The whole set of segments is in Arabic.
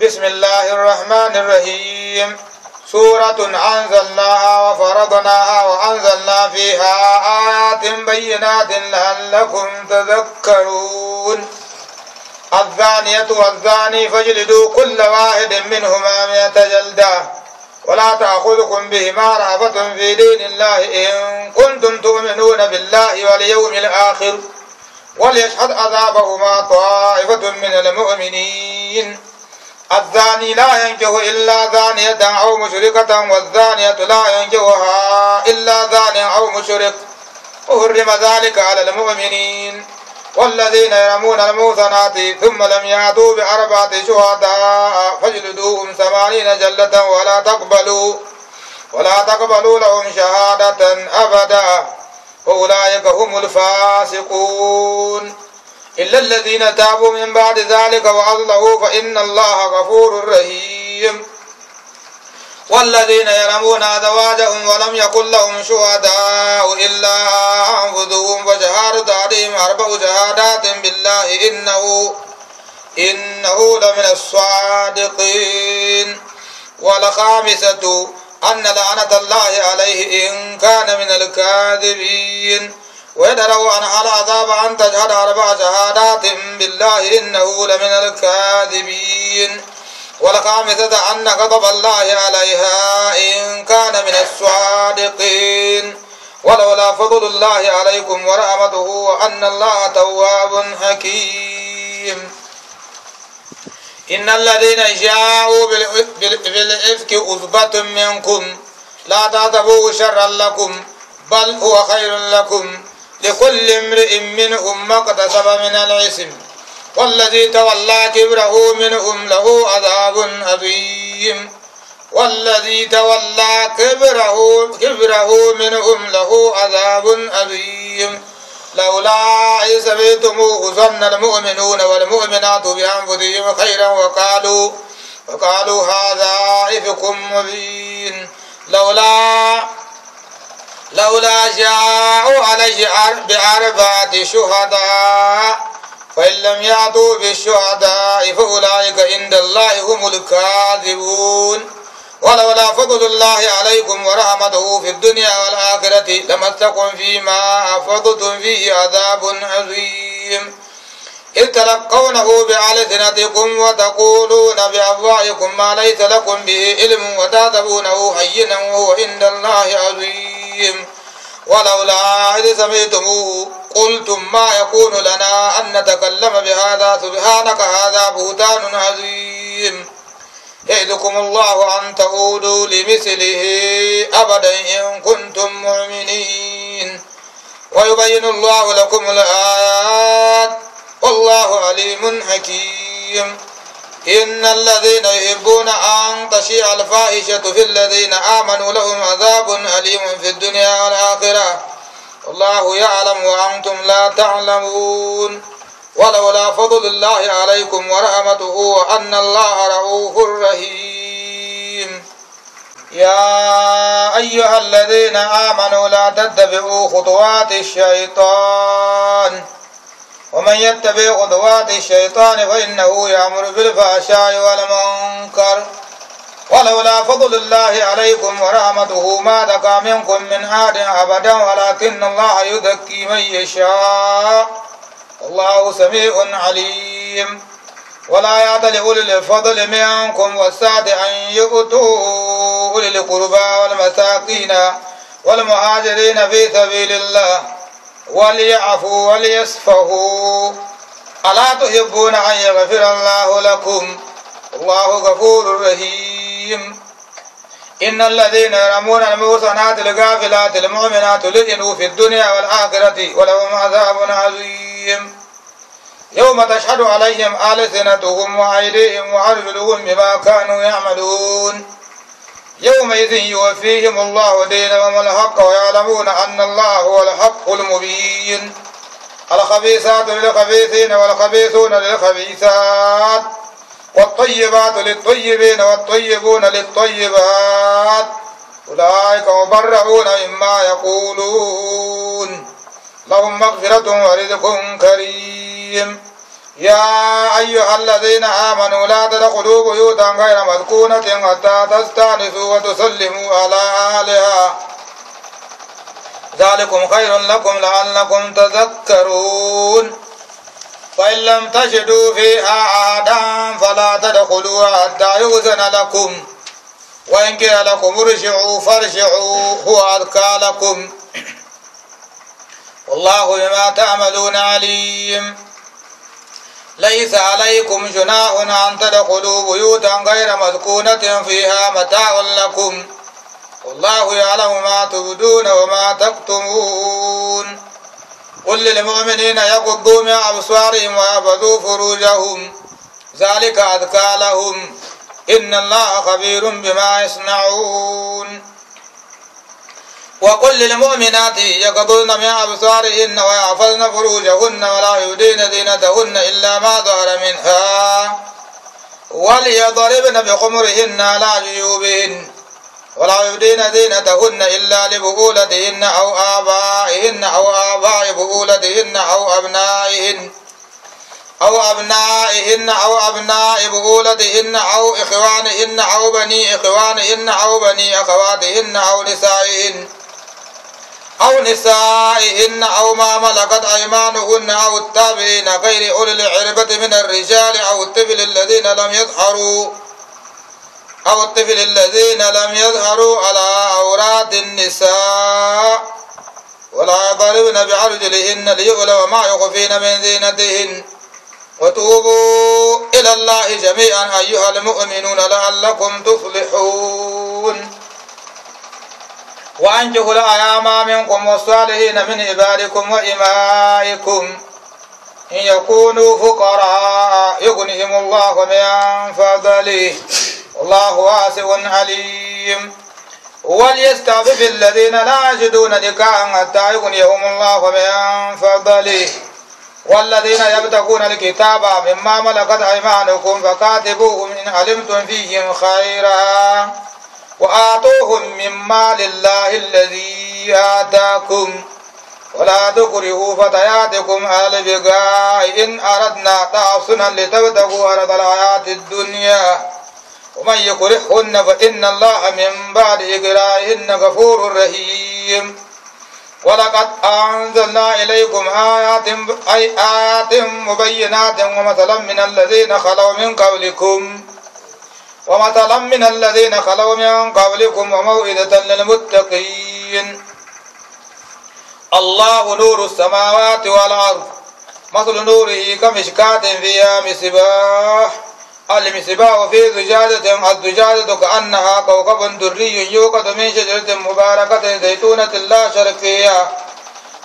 بسم الله الرحمن الرحيم سورة أنزلناها وفرضناها وأنزلنا فيها آيات بينات لعلكم تذكرون الزانية والزاني فاجلدوا كل واحد منهما مئة جلدة ولا تأخذكم بهما رأفة في دين الله إن كنتم تؤمنون بالله واليوم الآخر وليشهد عذابهما طائفة من المؤمنين الزاني لا ينكه إلا زانية أو مشركة والزانية لا ينكهها إلا زان أو مشرك وحرم ذلك على المؤمنين والذين يرمون الموثنات ثم لم يأتوا بأربعة شهداء فاجلدوهم ثمانين جلة ولا تقبلوا ولا تقبلوا لهم شهادة أبدا أولئك هم الفاسقون إلا الذين تابوا من بعد ذلك وأصلحوا فإن الله غفور رحيم والذين يرمون أزواجهم ولم يكن لهم شهداء إلا أنفسهم فشهادة عليهم أربع شهادات بالله إنه إنه لمن الصادقين والخامسة أن لعنة الله عليه إن كان من الكاذبين ويدروا عن على عذاب أن تجهد أربع شهادات بالله إنه لمن الكاذبين والخامسة أن غضب الله عليها إن كان من الصادقين ولولا فضل الله عليكم ورحمته وأن الله تواب حكيم إن الذين جاءوا بالإفك أثبة منكم لا تعتبوا شرا لكم بل هو خير لكم لكل امرئ منهم ما اقتصب من العسم والذي تولى كبره منهم له عذاب عظيم والذي تولى كبره كبره منهم له عذاب عظيم لولا إذ سمعتموه ظن المؤمنون والمؤمنات بأنفسهم خيرا وقالوا وقالوا هذا إفك مبين لولا لولا جاءوا عليه بأربعة شهداء فإن لم يأتوا بالشهداء فأولئك عند الله هم الكاذبون ولولا فضل الله عليكم ورحمته في الدنيا والآخرة لمستكم فيما أفضتم فيه عذاب عظيم إذ تلقونه بألسنتكم وتقولون بأفواهكم ما ليس لكم به علم وتعذبونه هينا وهو عند الله عظيم عليهم ولولا إذ سمعتموه قلتم ما يكون لنا أن نتكلم بهذا سبحانك هذا بهتان عظيم يعدكم الله أن تعودوا لمثله أبدا إن كنتم مؤمنين ويبين الله لكم الآيات والله عليم حكيم إن الذين يحبون أن تشيع الفاحشة في الذين آمنوا لهم عذاب أليم في الدنيا والآخرة الله يعلم وأنتم لا تعلمون ولولا فضل الله عليكم ورحمته أن الله رؤوف رحيم يا أيها الذين آمنوا لا تتبعوا خطوات الشيطان ومن يتبع خطوات الشيطان فإنه يأمر بالفحشاء والمنكر ولولا فضل الله عليكم ورحمته ما دقى منكم من أحد أبدا ولكن الله يذكي من يشاء والله سميع عليم ولا يعتل أولي الفضل منكم والسعة أن يؤتوا أولي القربى والمساكين والمهاجرين في سبيل الله وليعفوا وليصفحوا ألا تحبون أن يغفر الله لكم الله غفور رحيم إن الذين يرمون المحصنات الغافلات المؤمنات لئنوا في الدنيا والآخرة ولهم عذاب عظيم يوم تشهد عليهم آلسنتهم وأيديهم وأرجلهم بما كانوا يعملون يومئذ يوفيهم الله دينهم الحق ويعلمون أن الله هو الحق المبين الخبيثات للخبيثين والخبيثون للخبيثات والطيبات للطيبين والطيبون للطيبات أولئك مبرعون مما يقولون لهم مغفرة ورزق كريم يا أيها الذين آمنوا لا تدخلوا بيوتا غير مذكونة حتى تستأنسوا وتسلموا على أهلها ذلكم خير لكم لعلكم تذكرون فإن لم تجدوا فيها أحدا فلا تدخلوا حتى يؤذن لكم وإن كان لكم ارجعوا فارجعوا هو أذكى لكم والله بما تعملون عليم ليس عليكم جناح أن تدخلوا بيوتا غير مسكونة فيها متاع لكم والله يعلم ما تبدون وما تكتمون قل للمؤمنين يقضوا من أبصارهم ويحفظوا فروجهم ذلك أذكى لهم إن الله خبير بما يصنعون وقل للمؤمنات يقضون من أبصارهن ويحفظن فروجهن ولا يبدين زينتهن إلا ما ظهر منها وليضربن بخمرهن على جيوبهن ولا يبدين زينتهن إلا لبؤولتهن أو آبائهن أو آباء بؤولتهن أو أبنائهن أو أبنائهن أو أبناء بؤولتهن أو إخوانهن أو بني إخوانهن أو بني أخواتهن أو نسائهن أو نسائهن أو ما ملكت أيمانهن أو التابعين غير أولي العربة من الرجال أو الطفل الذين لم يظهروا أو الطفل الذين لم يظهروا على أوراد النساء ولا يضربن بعرجلهن ليغلب ما يخفين من زينتهن وتوبوا إلى الله جميعا أيها المؤمنون لعلكم تفلحون وانجه الأيام منكم والصالحين من عبادكم وإمائكم إن يكونوا فقراء يغنهم الله من فضله الله واسع عليم وليستعفف الذين لا يجدون نكاء حتى يغنيهم الله من فضله والذين يبتغون الكتاب مما ملكت أيمانكم فكاتبوهم إن علمتم فيهم خيرا وآتوهم من مال الله الذي آتاكم ولا تكرهوا فتياتكم على البقاء إن أردنا تعصنا لتبتغوا أرض الحياة الدنيا ومن يكرهن فإن الله من بعد إكراههن غفور رحيم ولقد أنزلنا إليكم آيات أي آيات مبينات ومثلا من الذين خلوا من قبلكم ومثلا من الذين خلوا من قبلكم وموئدة للمتقين الله نور السماوات والأرض مثل نوره كمشكات فيها مصباح المصباح في زجاجة الزجاجة كأنها كوكب دري يوقد من شجرة مباركة زيتونة لا شرقية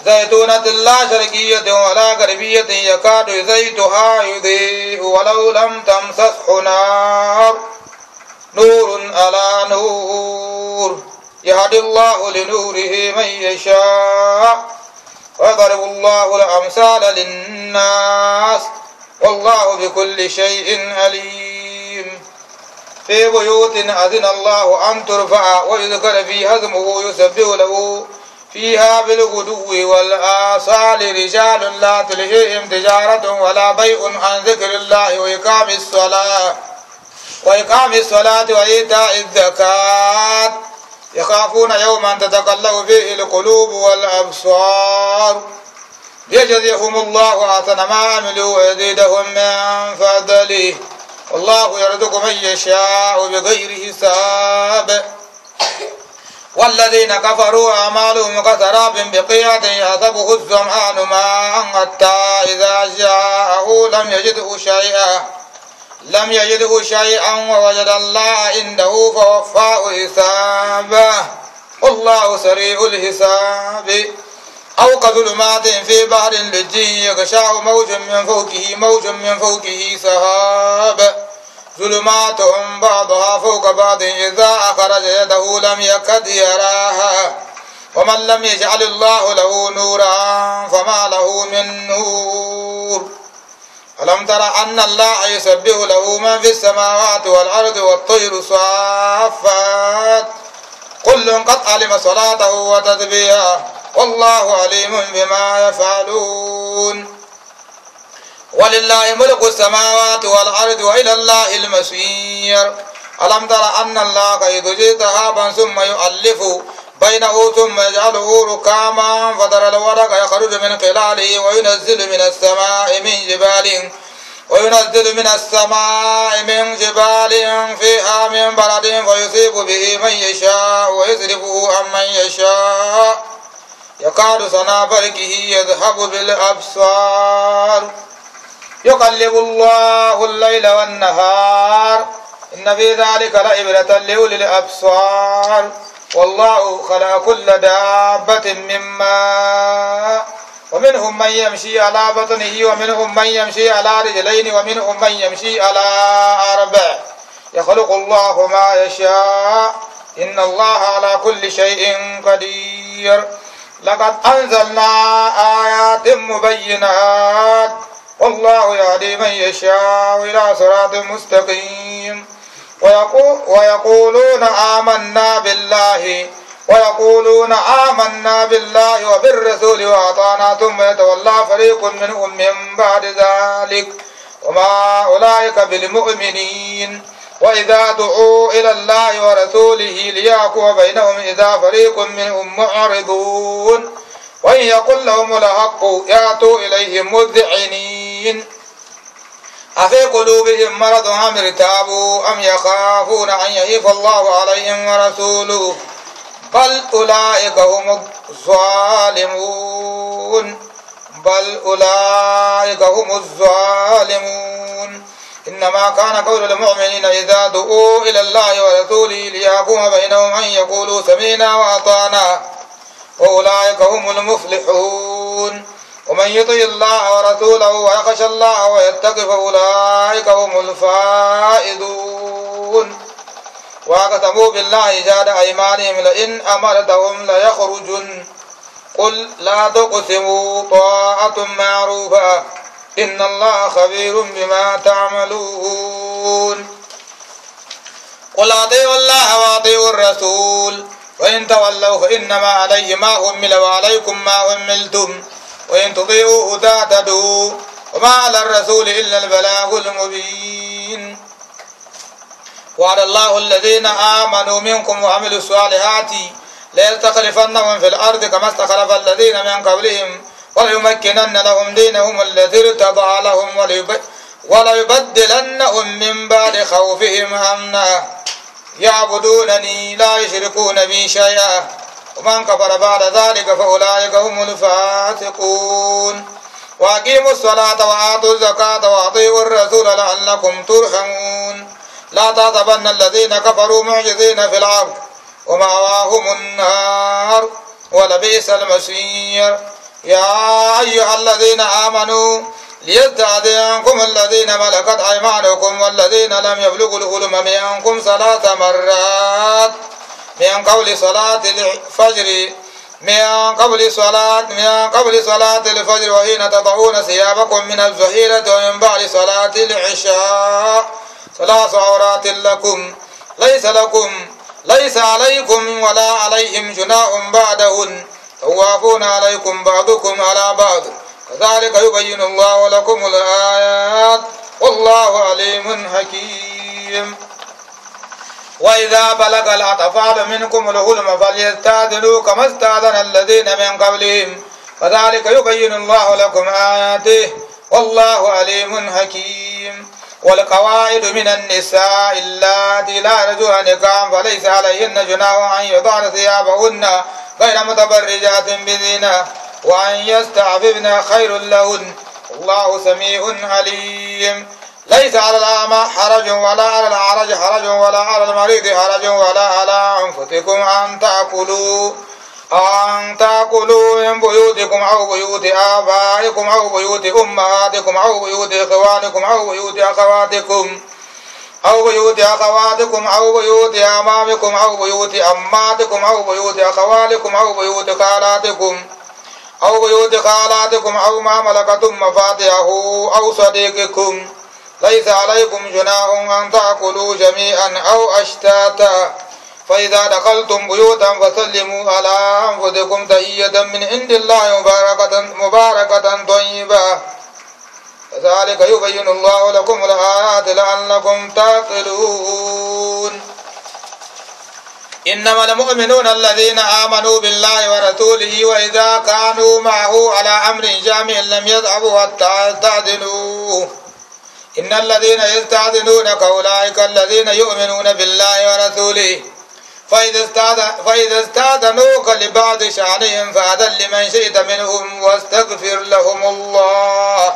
زيتونة لا شرقية ولا غربية يكاد زيتها يضيء ولو لم تمسسح نار نور على نور يهدي الله لنوره من يشاء ويضرب الله الأمثال للناس والله بكل شيء عليم في بيوت أذن الله أن ترفع ويذكر فيها هزمه يسبح له فيها بالغدو والآصال رجال لا تلهيهم تجارة ولا بيع عن ذكر الله وإقام الصلاة وإقام الصلاة وإيتاء الزكاة يخافون يوما تتقلب فيه القلوب والأبصار ليجزيهم الله أحسن ما عملوا ويزيدهم من فضله والله يرزق من يشاء بغير حساب والذين كفروا أعمالهم كسراب بقيعة يحسبه الظمآن ماء حتى إذا جاءه لم يجده شيئا لم يجده شيئا ووجد الله عنده فوفاه حسابه والله سريع الحساب أو كظلمات في بحر لجي يغشاه موج من فوقه موج من فوقه سحاب ظلمات بعضها فوق بعض إذا أخرج يده لم يكد يراها ومن لم يجعل الله له نورا فما له من نور ألم تر أن الله يسبح له من في السماوات والأرض والطير صافات كل قد علم صلاته وتدبيره والله عليم بما يفعلون ولله ملك السماوات والأرض وإلى الله المسير ألم تر أن الله يدجي هابا ثم يؤلفه بينه ثم يجعله ركاما فترى الورق يخرج من خلاله وينزل من السماء من جبال وينزل من السماء من جبال فيها من برد فيصيب به من يشاء ويصرفه عن من يشاء يقال صنع بركه يذهب بالأبصار يقلب الله الليل والنهار إن في ذلك لعبرة لأولي الأبصار والله خلق كل دابة مما ومنهم من يمشي على بطنه ومنهم من يمشي على رجلين ومنهم من يمشي على أربع يخلق الله ما يشاء إن الله على كل شيء قدير لقد أنزلنا آيات مبينات والله يهدي من يشاء إلى صراط مستقيم ويقولون آمنا بالله ويقولون آمنا بالله وبالرسول وأطعنا ثم يتولى فريق منهم من بعد ذلك وما أولئك بالمؤمنين وإذا دعوا إلى الله ورسوله ليحكم بينهم إذا فريق منهم معرضون وإن يقل لهم الحق يأتوا إليهم مذعنين أفي قلوبهم مرض أم ارتابوا أم يخافون أن يهيف الله عليهم ورسوله بل أولئك هم الظالمون بل أولئك هم الظالمون إنما كان قول المؤمنين إذا دعوا إلى الله ورسوله ليحكم بينهم أن يقولوا سمينا وأطعنا وأولئك هم المفلحون ومن يطع الله ورسوله ويخشى الله ويتقي فأولئك هم الفائزون واقسموا بالله جاد أيمانهم لئن أمرتهم ليخرجن قل لا تقسموا طاعة معروفة إن الله خبير بما تعملون قل أطيعوا الله وأطيعوا الرسول وإن تولوا فإنما علي ما هم وعليكم ما هملتم وإن تطيعوه تعتدوا وما على الرسول إلا البلاغ المبين وعلى الله الذين آمنوا منكم وعملوا الصالحات ليستخلفنهم في الأرض كما استخلف الذين من قبلهم وليمكنن لهم دينهم الذي ارتضى لهم وليبدلنهم من بعد خوفهم أمنا يعبدونني لا يشركون بي شيئا ومن كفر بعد ذلك فأولئك هم الفاسقون وأقيموا الصلاة وآتوا الزكاة وأطيعوا الرسول لعلكم ترحمون لا تغضبن الذين كفروا معجزين في الأرض ومأواهم النار ولبئس المصير يا أيها الذين آمنوا ليستأذنكم الذين ملكت أيمانكم والذين لم يبلغوا الحلم منكم ثلاث مرات من قبل صلاة الفجر من قبل صلاة من قبل صلاة الفجر وحين تضعون ثيابكم من الزهيرة ومن بعد صلاة العشاء ثلاث عورات لكم ليس لكم ليس عليكم ولا عليهم جناح بعدهن توافون عليكم بعضكم على بعض كذلك يبين الله لكم الآيات والله عليم حكيم وإذا بلغ الأطفال منكم الحلم فليستاذنوا كما استاذن الذين من قبلهم وذلك يبين الله لكم آياته والله عليم حكيم والقواعد من النساء اللاتي لا يرجون نكام فليس عليهن جناح أن يضعن ثيابهن غير متبرجات بزينة وأن يستعففن خير لهن الله سميع عليم ليس على الأعمى حرج ولا على الأعرج حرج ولا على المريض حرج ولا على أنفسكم أن تأكلوا أن تأكلوا من بيوتكم أو بيوت آبائكم أو بيوت أمهاتكم أو بيوت إخوانكم أو بيوت أخواتكم أو بيوت أخواتكم أو بيوت أمامكم أو بيوت أماتكم أو بيوت أخوالكم أو بيوت خالاتكم أو بيوت خالاتكم أو ما ملكتم مفاتحه أو صديقكم ليس عليكم جناح أن تأكلوا جميعا أو أشتاتا فإذا دخلتم بيوتا فسلموا على أنفسكم تحية من عند الله مباركة مباركة طيبة كذلك يبين الله لكم الآيات لعلكم تعقلون إنما المؤمنون الذين آمنوا بالله ورسوله وإذا كانوا معه على أمر جامع لم يذهبوا حتى تعدلوه إن الذين يستعذنونك أولئك الذين يؤمنون بالله ورسوله فإذا استعذنوك لبعض شأنهم فأذل لمن شئت منهم واستغفر لهم الله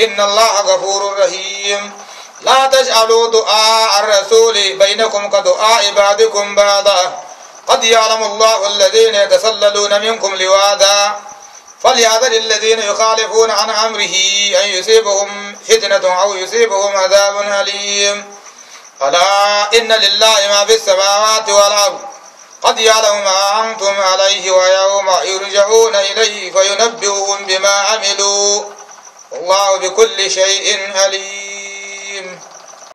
إن الله غفور رحيم لا تجعلوا دعاء الرسول بينكم كدعاء بعضكم بعضا قد يعلم الله الذين يتسللون منكم لواذا فليعذر الذين يخالفون عن أمره أن يصيبهم فتنة أو يصيبهم عذاب أليم ألا إن لله ما في السماوات والأرض قد يعلم ما أنتم عليه ويوم يرجعون إليه فينبئهم بما عملوا والله بكل شيء عليم